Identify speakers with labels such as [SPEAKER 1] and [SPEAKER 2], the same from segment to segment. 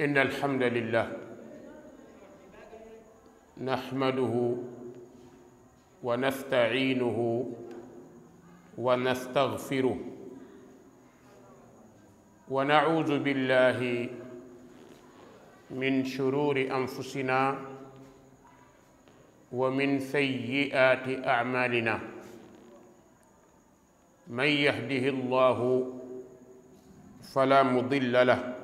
[SPEAKER 1] إن الحمد لله نحمده ونستعينه ونستغفره ونعوذ بالله من شرور أنفسنا ومن سيئات أعمالنا من يهده الله فلا مضل له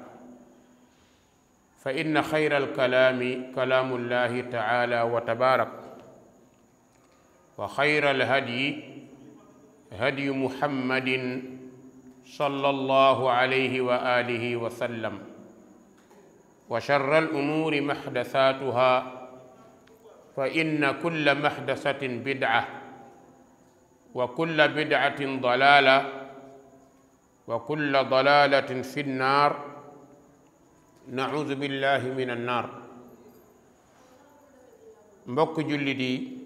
[SPEAKER 1] fa inna xayra alkalaami kalaamu llahi taala wa tabaarak wa xayra alhadyi hadyu muhammadin sallallahu alayhi wa alihi wa sallam wa sharra al-umuuri mahdasaatuha fa inna kulla mahdasatin bid'a wa kulla bid'atin dalaala wa kulla dalaalatin fi nnaar naudu billahi min annaar mbokk jullit yi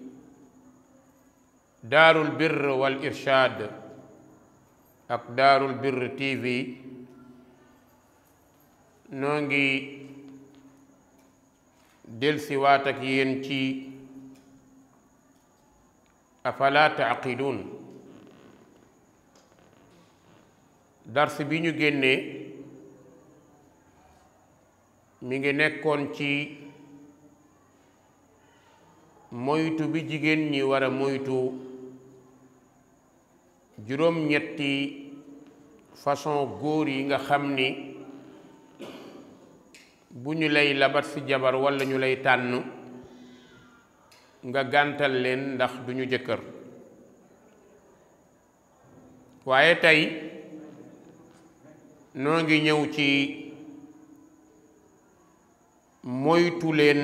[SPEAKER 1] daarul birr wal irshad ak daarul birr tv noo ngi delsi waat ak ci afala taaqiluun dars bi ñu génnee mi ngi nekkoon ci moytu bi jigéen ñi war a moytu juróom-ñetti façon góor yi nga xam ni bu ñu lay labat ci jabar walla ñu lay tànn nga gàntal leen ndax duñu jëkkër waaye tey noo ngi ñëw ci moytuleen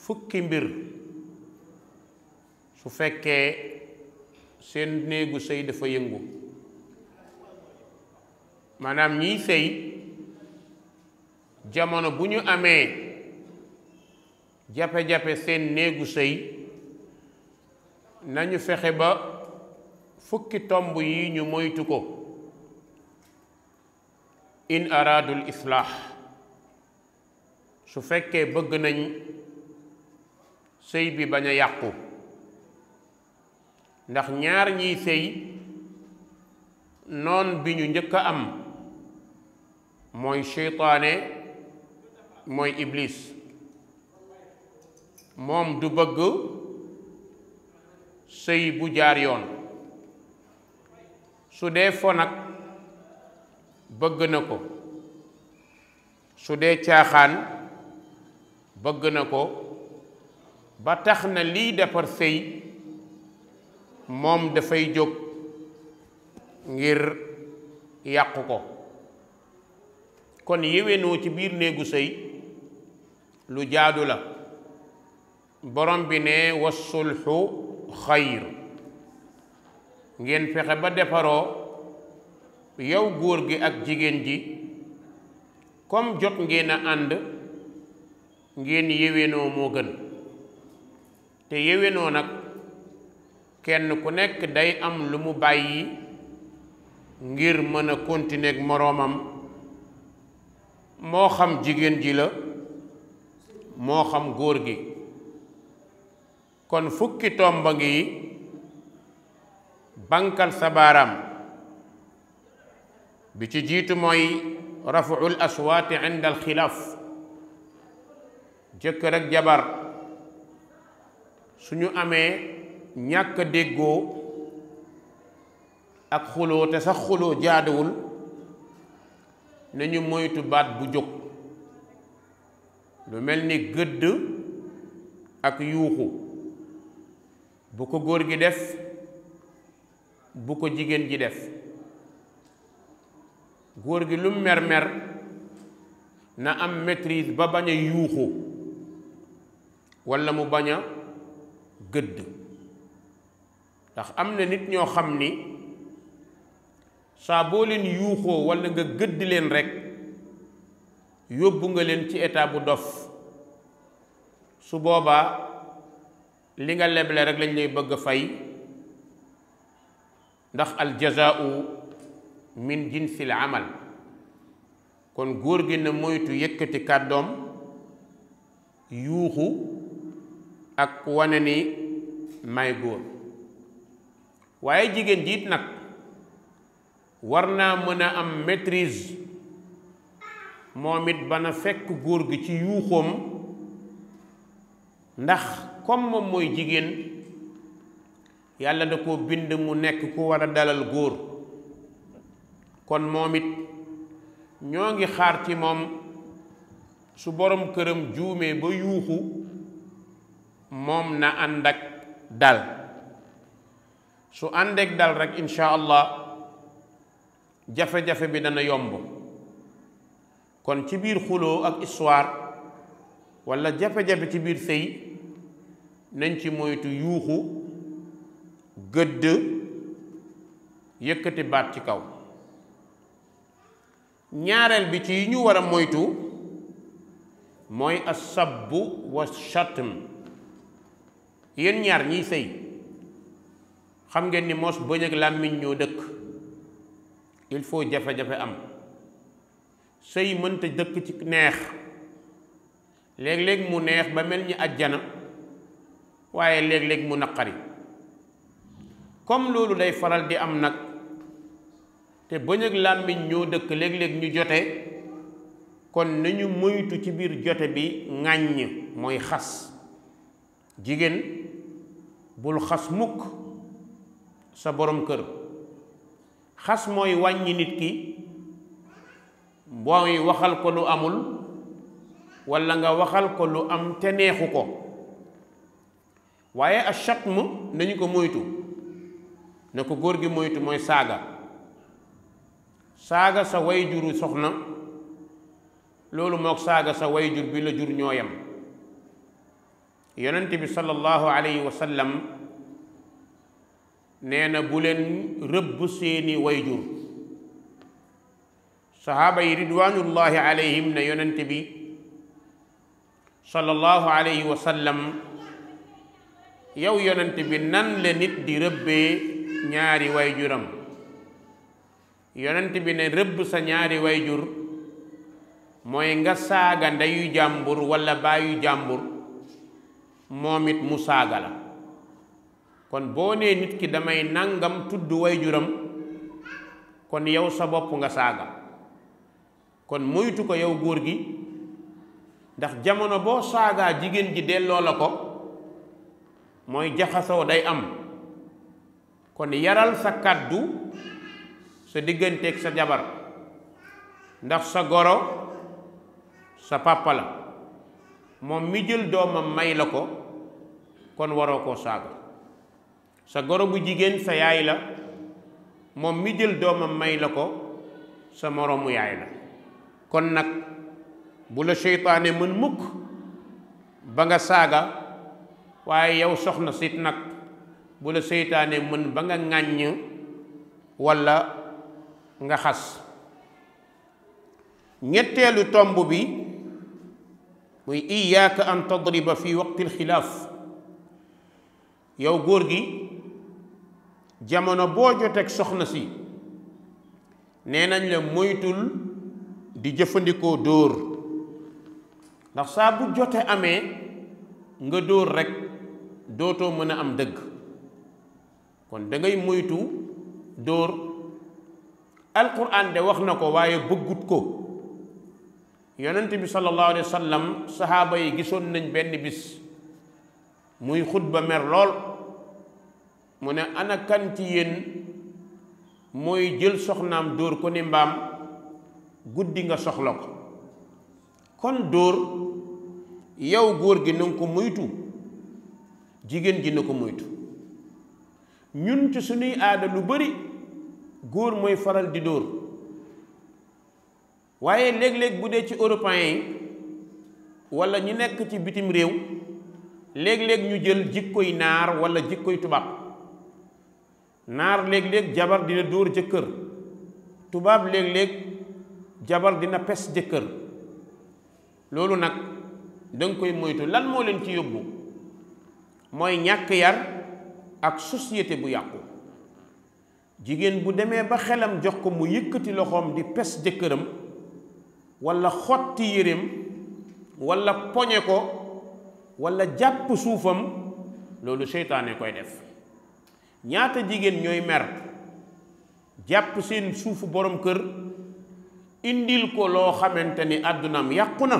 [SPEAKER 1] fukki mbir su fekkee seen néegu sëy dafa yëngu maanaam ñiy sëy jamono bu ñu amee jafe-jafe seen néegu sëy nañu fexe ba fukki tomb yi ñu moytu ko in araadul islaax su fekkee bëgg nañ sëy bi bañ a yàqu ndax ñaar ñiy sëy noon bi ñu njëkk a am mooy seytaane mooy iblis moom du bëgg sëy bu jaar yoon su dee fo bëgg na ko su dee caaxaan bëgg na ko ba tax na lii defar sëy moom dafay jóg ngir yàq ko kon yéwénoo ci biir néegu sëy lu jaadu la borom bi ne wasulxu xayr ngeen fexe ba defaroo yow góor gi ak jigéen ji comme jot ngeen a ànd ngeen yéwénoo moo gën te yéwénoo nag kenn ku nekk day am lu mu bàyyi ngir mën a continuer ak moroomam moo xam jigéen ji la moo xam góor gi kon fukki tomba ngi bankal sa baaraam bi ci jiitu mooy rafuul aswaati inda xilaaf jëkkër ak jabar su ñu amee ñàkk déggoo ak xuloo te sax xuloo jaaduwul nañu moytu baat bu jóg lu mel ni gëdd ak yuuxu bu ko góor gi def bu ko jigéen ji def góor gi lu mer mer na am maîtrise ba bañ a yuuxu walla mu bañ a gëdd ndax am na nit ñoo xam ni saa boo leen yuuxoo walla nga gëdd leen rekk yóbbu nga leen ci état bu dof su boobaa li nga leble rekk lañ lay bëgg a fay ndax al jazaau min jinsil amal kon góor gi na moytu yëkkati kàddoom yuuxu ak wane ni may góor waaye jigéen jiit nag war naa mën a am maîtrise moom it bana fekk góor gi ci yuuxoom ndax comme moom mooy jigéen yàlla da ko bind mu nekk ku war a dalal góor kon moom it ñoo ngi xaar ci moom su boroom këram juume ba yuuxu moom na ànd ak dal su àndeek dal rek incha allah jafe-jafe bi dana yomb kon ci biir xuloo ak histoire walla jafe-jafe ci biir sëy nañ ci moytu yuuxu gëdd yëkkati baat ci kaw ñaareel bi ci yi ñu war a moytu mooy asabbu wa shatm yéen ñaar ñiy sëy xam ngeen ni moos bëñëg ak làmmiñ ñoo dëkk il faut jafe-jafe am sëy mënta dëkk ci neex léeg-léeg mu neex ba mel ni ajjana waaye léeg-léeg mu naqari comme loolu day faral di am nag te bëñëg ak làmmiñ ñoo dëkk léeg-léeg ñu jote kon nañu moytu ci biir jote bi ŋàññ mooy xas jigéen bul xas mukk sa borom kër xas mooy wàññi nit ki mooy waxal ko lu amul walla nga waxal ko lu am te neexu ko waaye a mu nañu ko moytu na ko góor gi moytu mooy saaga saaga sa way juru soxna loolu mook saaga sa way jur bi la jur ñooyam yonent bi sallallahu alayhi wa sallam nee na bulen leen rëbb seeni wayjur sahaaba yi ridwanullahi alayhim ne yonent bi sallallahu alayhi wa sallam yow yonent nan la nit di rëbbee ñaari wayjuram yonent bi ne rëbb sa ñaari wayjur mooy nga saaga ndeyu jàmbur walla baayu jàmbur moom it mu saaga la kon boo nee nit ki damay nangam tudd way wayjuram kon yow sa bopp nga saaga kon moytu ko yow góor gi ndax jamono boo saagaa jigéen ji delloo la ko mooy jaxasoo day am kon yaral sa kàddu sa digganteeg sa jabar ndax sa goro sa pàppa moom mi jël doomam may la ko kon waroo ko saaga sa goro bu jigéen sa yaay la moom mi jël doomam may la ko sa moroomu yaay la kon nag bu la seytaane mën mukk ba nga saaga waaye yow soxna sit nag bu la seytaane mën ba nga ŋàññ walla nga xas ñetteelu tomb bi muy iyaaka an tadriba fi waqti alxilaaf yow góor gi jamono boo joteeg soxna si nee nañ la moytul di jëfandikoo dóor ndax saa bu jote amee nga dóor rekk dootoo mën a am dëgg kon dangay ngay moytu dóor alquran de wax na ko waaye bëggut ko yonent bi sallallahu alayhi wa sallam sahaaba yi gisoon nañ benn bis muy xutba mer lool mu ne ana kan ci yéen mooy jël soxnaam dóor ko ni mbaam guddi nga soxla ko kon dóor yow góor gi na nga ko moytu jigéen ji na ko moytu ñun ci suñuy aada lu bari góor mooy faral di dóor waaye léeg-léeg bu dee ci européen yi walla ñi nekk ci bitim réew léeg-léeg ñu jël jikkoy naar wala jikkoy tubaab naar léeg-léeg jabar dina dóor jëkkër tubaab léeg-léeg jabar dina pes jëkkër loolu nag danga koy moytu lan moo leen ci yóbbu mooy ñàkk yar ak société bu yàqu jigéen bu demee ba xelam jox ko mu yëkkati loxoom di pes jëkkëram wala xotti yéreem wala poñe ko wala jàpp suufam loolu seytaane koy def ñaata jigéen ñooy mer jàpp seen suufu borom kër indil ko loo xamante ni àddunaam yàqu na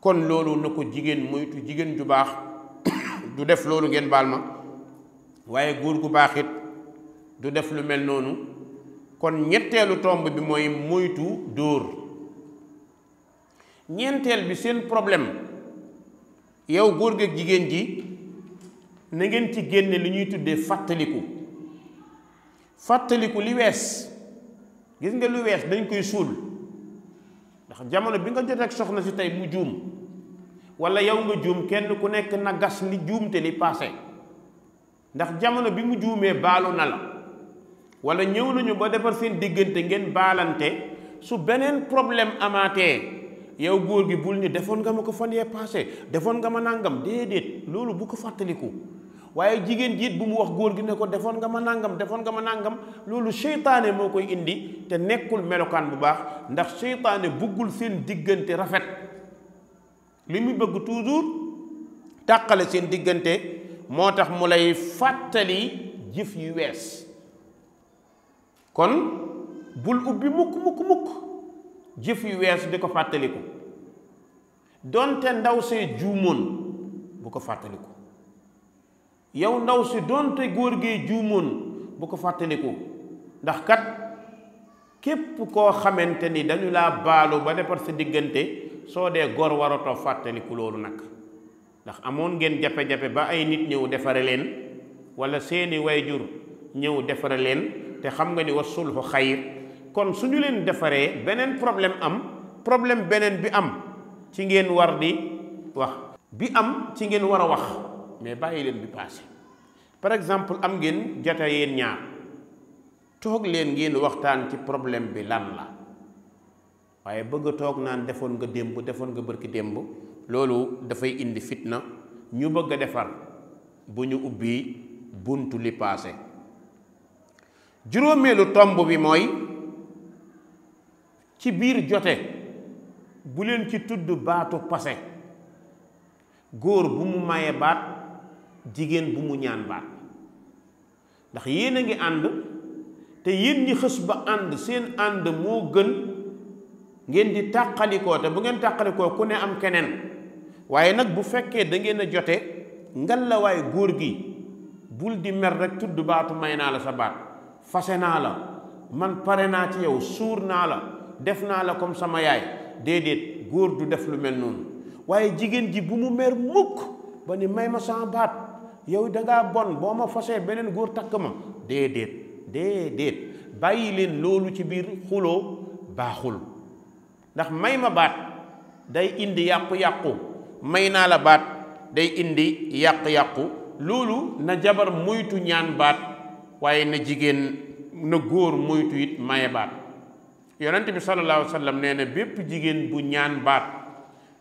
[SPEAKER 1] kon loolu na ko jigéen moytu jigéen ju baax du def loolu ngeen baal ma waaye góor gu baaxit du def lu mel noonu kon ñetteelu tomb bi mooy moytu dóor ñeenteel bi seen problème yow góor gi ak jigéen ji na ngeen ci génne li ñuy tuddee fàttaliku fàttaliku li wees gis nga lu wees dañ koy suul ndax jamono bi nga jot ak soxna si tey mu juum walla yow nga juum kenn ku nekk na gas li juum te li paase ndax jamono bi mu juumee baalu na la walla ñëw nañu ba defar seen diggante ngeen baalante su beneen problème amaatee yow góor gi bul ni defoon nga ma ko fan yee passé defoon nga ma nàngam déedéet loolu bu ko fàttaliku waaye jigéen jiit bu mu wax góor gi ne ko defoon nga ma nàngam defoon nga ma nàngam loolu seytaane moo koy indi te nekkul melokaan bu baax ndax seytaane buggul seen diggante rafet li mu bëgg toujours tàqale seen diggante moo tax mu lay fàttali jëf yu wees kon bul ubbi mukk mukk mukk jëf yu weesu di ko fàttaliku donte ndaw see juumoon bu ko fàttaliku yow ndaw si doonte góor gee juumoon bu ko fàttaliku ndax kat képp koo xamante ni dañu laa baalu ba defar sa diggante soo dee gor waratoo fàttaliku loolu nag ndax amoon ngeen jafe-jafe ba ay nit ñëw defare leen wala seeni way jur ñëw defare leen te xam nga ni wa sulhu xayit kon su ñu leen defaree beneen problème am problème beneen bi am ci ngeen war di wax bi am ci ngeen war a wax mais bàyyi leen bi passé par exemple am ngeen jata yeen ñaar toog leen ngeen waxtaan ci problème bi lan la waaye bëgg toog naan defoon nga démb defoon nga bërki démb loolu dafay indi fitna ñu bëgg a defar bu ñu ubbi buntu li passé juróomeelu tomb bi mooy ci biir jote bu leen ci tudd baatu passé góor bu mu maye baat jigéen bu mu ñaan baat ndax yéen a ngi ànd te yéen ñi xës ba ànd seen ànd moo gën ngeen di tàqalikoo te bu ngeen tàqalikoo ku ne am keneen waaye nag bu fekkee da ngeen a jote ngalawaay góor gi bul di mer rek tudd baatu may naa la sa baat fase naa la man pare naa ci yow suur naa la def naa la comme sama yaay déedéet góor du def lu mel noonu waaye jigéen ji bu mu mer mukk ba ni may ma sama baat yow dangaa bon boo ma fasee beneen góor takk ma déedéet déedéet bàyyi leen loolu ci biir xuloo baaxul ndax may ma baat day indi yàqu-yàqu may naa la baat day indi yàqu-yàqu loolu na jabar moytu ñaan baat waaye na jigéen na góor moytu it maye baat yonent bi sallallahu alayhi wa sallam nee na bépp jigéen bu ñaan baat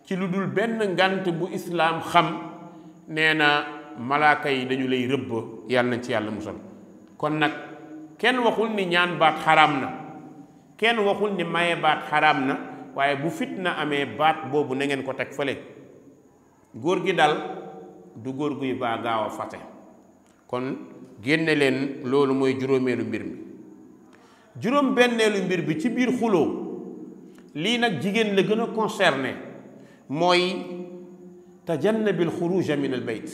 [SPEAKER 1] ci lu dul benn ngant bu islaam xam nee na malaaka yi dañu lay rëbb yàlla nañ ci yàlla musal kon nag kenn waxul ni ñaan baat xaraam na kenn waxul ni maye baat xaraam na waaye bu fit fitna amee baat boobu na ngeen ko teg fële góor gi dal du góor guy baa gaaw a fase kon génne leen loolu mooy juróomeelu mbir mi juróom benneelu mbir bi ci biir xuloo lii nag jigéen la gën a concerné mooy tajannabil xuruja min al bayt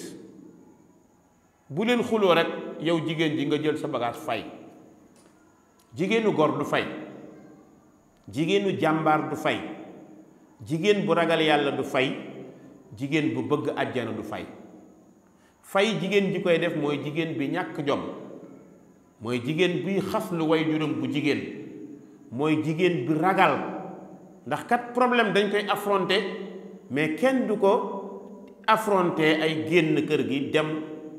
[SPEAKER 1] bu leen xuloo rek yow jigéen ji nga jël sa bagage fay jigéenu góor du fay jigéenu jàmbaar du fay jigéen bu ragal yàlla du fay jigéen bu bëgg àjjana du fay fay jigéen ji koy def mooy jigéen bi ñàkk jom mooy jigéen bi xas xaslu way juróom bu jigéen mooy jigéen bi ragal ndax kat problème dañ koy affronter mais kenn du ko affronter ay génn kër gi dem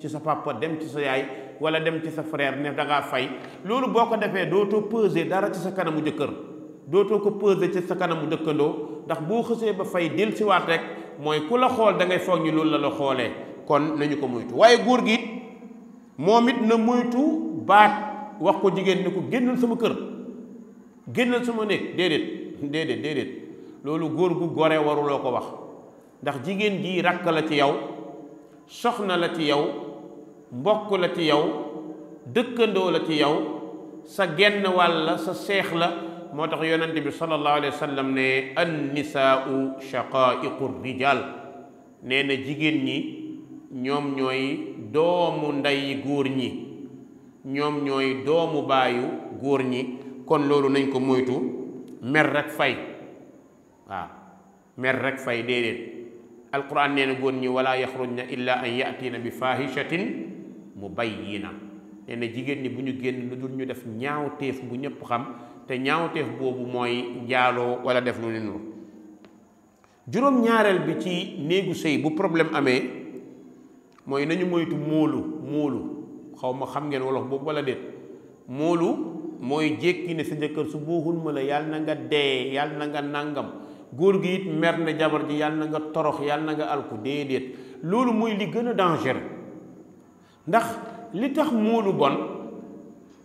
[SPEAKER 1] ci sa papa dem ci sa yaay wala dem ci sa frère ne da ngaa fay loolu boo ko defee dootoo peser dara ci sa kanamu jëkkër dootoo ko peser ci sa kanamu dëkkandoo ndax boo xësee ba fay del siwaat rek mooy ku la xool da ngay foog ñu loolu la la xoolee kon nañu ko moytu waaye góor gi moom it na moytu baat wax ko jigéen ni ko génnal sama kër génnal suma néeg déedéet déedéet déedéet loolu góor gu gore waruloo ko wax ndax jigéen ji rakk la ci yow soxna la ci yow mbokk la ci yow dëkkandoo la ci yow sa genn wàll sa seex la moo tax yonent bi sallallahu alayhi wa sallam ne an nisaau shaqaiqu rijal nee na jigéen ñi ñoom ñooy doomu ndey góor ñi ñoom ñooy doomu baayu góor ñi kon loolu nañ ko moytu mer rek fay waaw mer rek fay déedéet alquran nee na góor ñi wala yaxrujna illa an yatina bi fahishatin mubayyina nee na jigéen ñi bu ñu génn lu dul ñu def ñaawteef bu ñëpp xam te ñaawteef boobu mooy njaaloo wala def lu ne noonu juróom-ñaareel bi ci néegu sëy bu problème amee mooy nañu moytu móolu móolu xaw ma xam ngeen wolof boobu wala déet moolu mooy jékki ne sa jëkkër su booxul ma la yàlla na nga dee yàlla na nga nàngam góor gi it mer na jabar ji yàlla na nga torox yàlla na nga alku déedéet loolu mooy li gën a dangereux ndax li tax moolu bon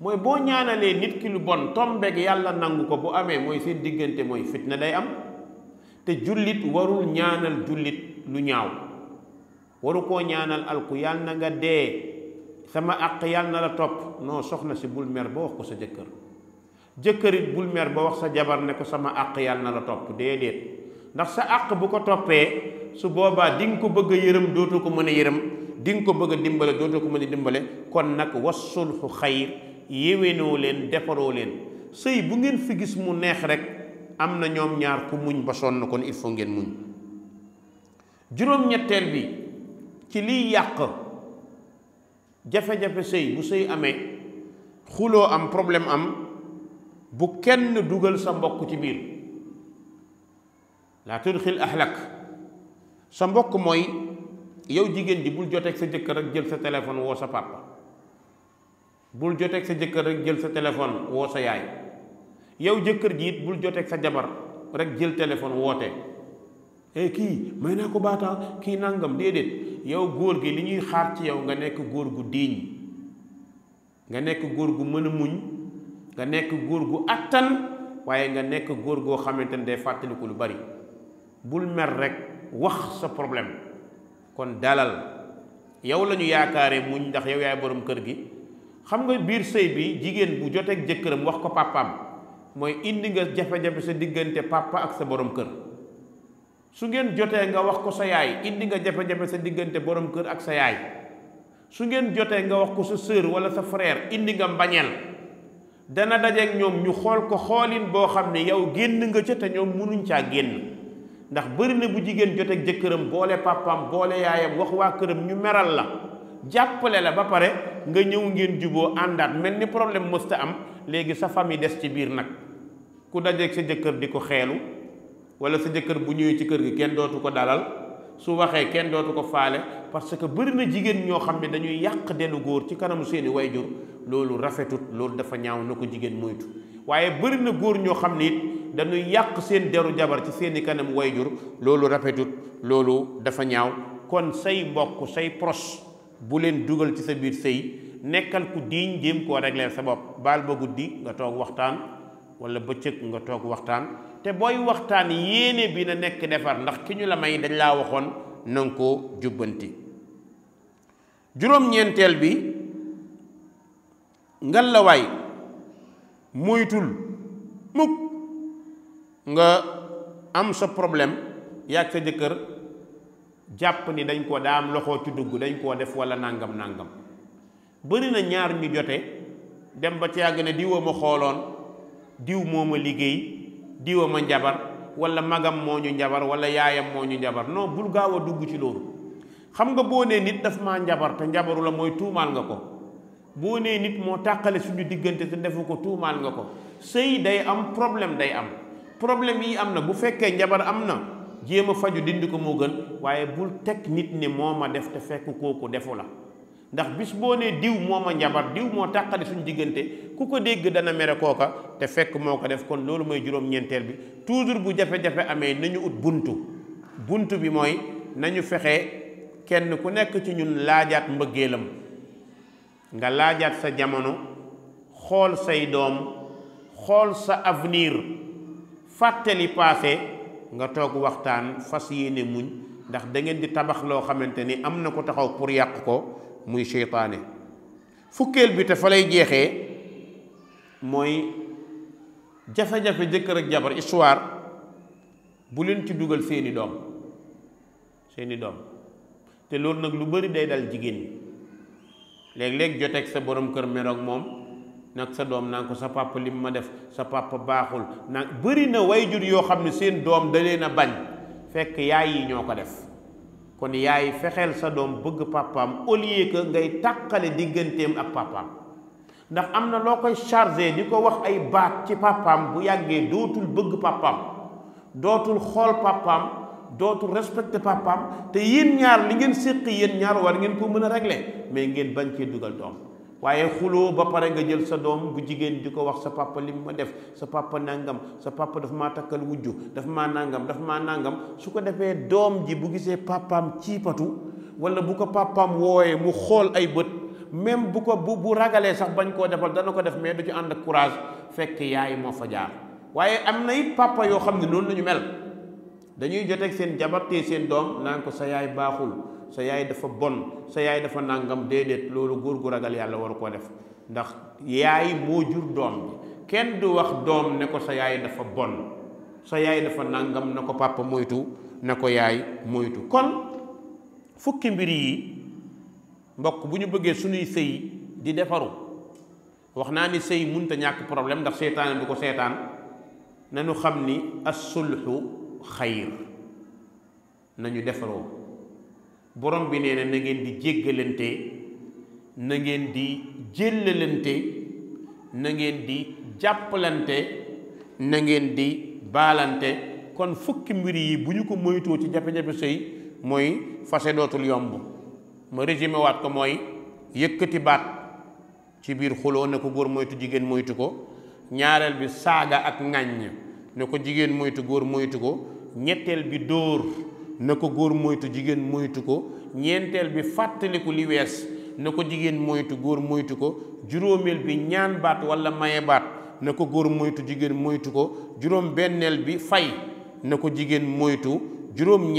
[SPEAKER 1] mooy boo ñaanalee nit ki lu bon tombeeg yàlla nangu ko bu amee mooy seen diggante mooy fitna day am te jullit warul ñaanal jullit lu ñaaw waru koo ñaanal alku yàlla na nga dee sama àq yàlla na la topp non soxna si bul mer ba wax ko sa jëkkër jëkkërit bul mer ba wax sa jabar ne ko sama àq yàlla na la topp déedéet ndax sa àq bu ko toppee su boobaa di nga ko bëgg yërëm dootu ko mën a yërëm di nga ko bëgg dimbale dootu ko mën a dimbale kon nag wasulxu xayr yéwénoo leen defaroo leen sëy bu ngeen fi gis mu neex rek am na ñoom ñaar ku muñ ba sonn kon il faut ngeen muñ juróom-ñetteel bi ci liy yàq jafe-jafe sëy bu sëy amee xuloo am problème am bu kenn dugal sa mbokk ci biir laa tudxil ahlak sa mbokk mooy yow jigéen ji bul joteeg sa jëkkër rek jël sa téléphone woo sa papa bul joteeg sa jëkkër rek jël sa téléphone woo sa yaay yow jëkkër ji bul joteeg sa jabar rek jël téléphone woote eh kii may naa ko baataa kii nangam déedéet yow góor gi li ñuy xaar ci yow nga nekk góor gu diiñ nga nekk góor gu mën a muñ nga nekk góor gu attan waaye nga nekk góor goo xamante ne day fàttaliku lu bari bul mer rek wax sa problème kon dalal yow la ñu yaakaare muñ ndax yow yaay borom kër gi xam nga biir sëy bi jigéen bu joteek jëkkëram wax ko papaam mooy indi nga jafe-jafe sa diggante papa ak sa boroom kër su ngeen jotee nga wax ko sa yaay indi nga jafe-jafe sa diggante borom kër ak sa yaay su ngeen jotee nga wax ko sa sœur wala sa frère indi nga mbañeel dana dajeeg ñoom ñu xool ko xoolin boo xam ne yow génn nga ca te ñoom mënuñ caa génn ndax bëri na bu jigéen joteek jëkkëram boole papaam boole yaayam wax waa këram ñu meral la jàppale la ba pare nga ñëw ngeen juboo àndaat mel ni problème mësta am léegi sa famille des ci biir nag ku dajeeg sa jëkkër di ko xeelu wala sa jëkkër bu ñëwee ci kër gi kenn dootu ko dalal su waxee kenn dootu ko faale parce que bëri na jigéen ñoo xam ne dañuy yàq denu góor ci kanamu seeni wayjur loolu rafetut loolu dafa ñaaw na ko jigéen moytu waaye bëri na góor ñoo xam ne it yàq seen deru jabar ci seeni kanam wayjur loolu rafetut loolu dafa ñaaw kon say mbokk say proche bu leen dugal ci sa biir sëy nekkal ku diiñ jéem koo régler sa bopp baal ba guddi nga toog waxtaan wala bëccëg nga toog waxtaan te booy waxtaan yéene bi na nekk defar ndax ki ñu la may dañ laa waxoon nanga ko jubbanti juróom-ñeenteel bi ngan la waay moytul mukk nga am sa problème yaag sa jëkkër jàpp ni dañ ko daa am loxo ci dugg dañ koo def walla nangam nangam bëri na ñaar ñu jote dem ba ci yàgg ne diw ma xooloon diw moo ma liggéey diwa ma njabar wala magam moo ñu njabar wala yaayam moo ñu njabar noo bul gaaw a dugg ci loolu xam nga boo nee nit daf maa njabar te njabaru la mooy tuumaal nga ko boo nee nit moo tàqale suñu diggante te defu ko tuumaal nga ko sëy day am problème day am problème yi am na bu fekkee njabar am na jéem a faju dindi ko moo gën waaye bul teg nit ni moo ma def te fekk kooku defu la ndax bis boo nee diw moo ma njabar diw moo tàqale suñu diggante ku ko dégg dana mere kooka te fekk moo ko def kon loolu mooy juróom-ñeenteel bi toujours bu jafe-jafe amee nañu ut buntu buntu bi mooy nañu fexe kenn ku nekk ci ñun laajaat mbëggeelam nga laajaat sa jamono xool say doom xool sa avenir fàttali passé nga toog waxtaan fas yéene muñ ndax dangeen di tabax loo xamante ni am na ko taxaw pour yàq ko muy seytaane fukkeel bi te fa lay jeexee mooy jafe-jafe jëkkër ak jabar histoire bu leen ci dugal seeni doom seeni doom te loolu nag lu bari day dal jigéen ñi léeg-léeg joteeg sa borom kër meroog moom nag sa doom naa ko sa papa lim ma def sa papa baaxul nag bari na way jur yoo xam ne seen doom da leen a bañ fekk yaay yi ñoo ko def kon yaay fexeel sa doom bëgg papaam au lieu que ngay tàqale digganteem ak papam ndax am na loo koy chargé di ko wax ay baat ci papaam bu yàggee dootul bëgg papaam dootul xool papaam dootul respecté papaam te yéen ñaar li ngeen séqi yéen ñaar war ngeen ko mën a réglé mais ngeen bañ cee dugal doom waaye xuloo ba pare nga jël sa doom bu jigéen di ko wax sa papa lim ma def sa papa nangam sa papa dafa maa takkal wujju dafa maa nàngam dafa maa nangam su ko defee doom ji bu gisee papaam ciipatu wala bu ko papaam wooyee mu xool ay bët même bu ko bu bu ragalee sax bañ koo defal dana ko def mais du ci ànd ak fekk yaay moo fa jaar waaye am na it papa yoo xam ne noonu la mel dañuy joteeg seen jabar te seen doom naan ko sa yaay baaxul sa yaay dafa bon sa yaay dafa nàngam déedéet loolu góor gu ragal yàlla waru koo def ndax yaay moo jur doom bi kenn du wax doom ne ko sa yaay dafa bon sa yaay dafa nàngam na ko papa moytu na ko yaay moytu kon fukki mbir yi mbokk bu ñu bëggee suñuy sëy di defaru wax naa ni sëy munta ñàkk problème ndax seetaane du ko seetaan na nañu xam ni as-sulhu xayr nañu defaroo borom bi nee na ngeen di jéggalante na ngeen di jéllalante na ngeen di jàppalante na ngeen di baalante kon fukki mbir yi bu ñu ko moytoo ci jafe-jafe sëy mooy fase dootul yomb ma résumé waat ko mooy yëkkati baat ci biir xuloo ne ko góor moytu jigéen moytu ko ñaareel bi saaga ak ŋàññ ne ko jigéen moytu góor moytu ko ñetteel bi dóor na ko góor moytu jigéen moytu ko ñeenteel bi fàttaliku li wees na ko jigéen moytu góor moytu ko juróomeel bi ñaan baat walla maye baat na ko góor moytu jigéen moytu ko juróom benneel bi fay na ko jigéen moytu juróom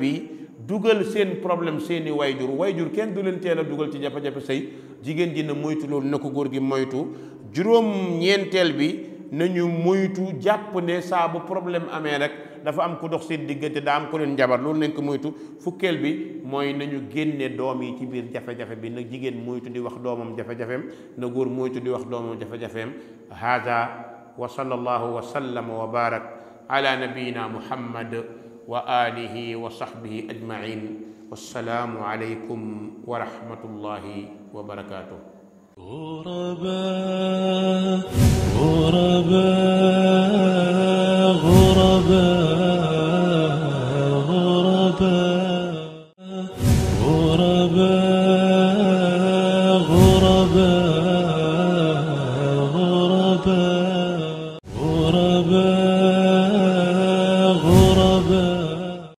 [SPEAKER 1] bi dugal seen problème seeni wayjur wayjur kenn du leen teel a dugal ci jafe-jafe jigéen ji na moytu loolu na ko góor gi moytu juróom ñeenteel bi nañu moytu jàpp ne saa bu problème amee rek dafa am ku dox seen diggante daa am ku leen njabar loolu nañ ko moytu fukkeel bi mooy nañu génne doom yi ci biir jafe-jafe bi na jigéen moytu di wax doomam jafe-jafeem na góor moytu di wax doomam jafe-jafeem hada wa sallallahu wa sallama wa barak ala nabiyina muhammad wa alihi wa sahbihi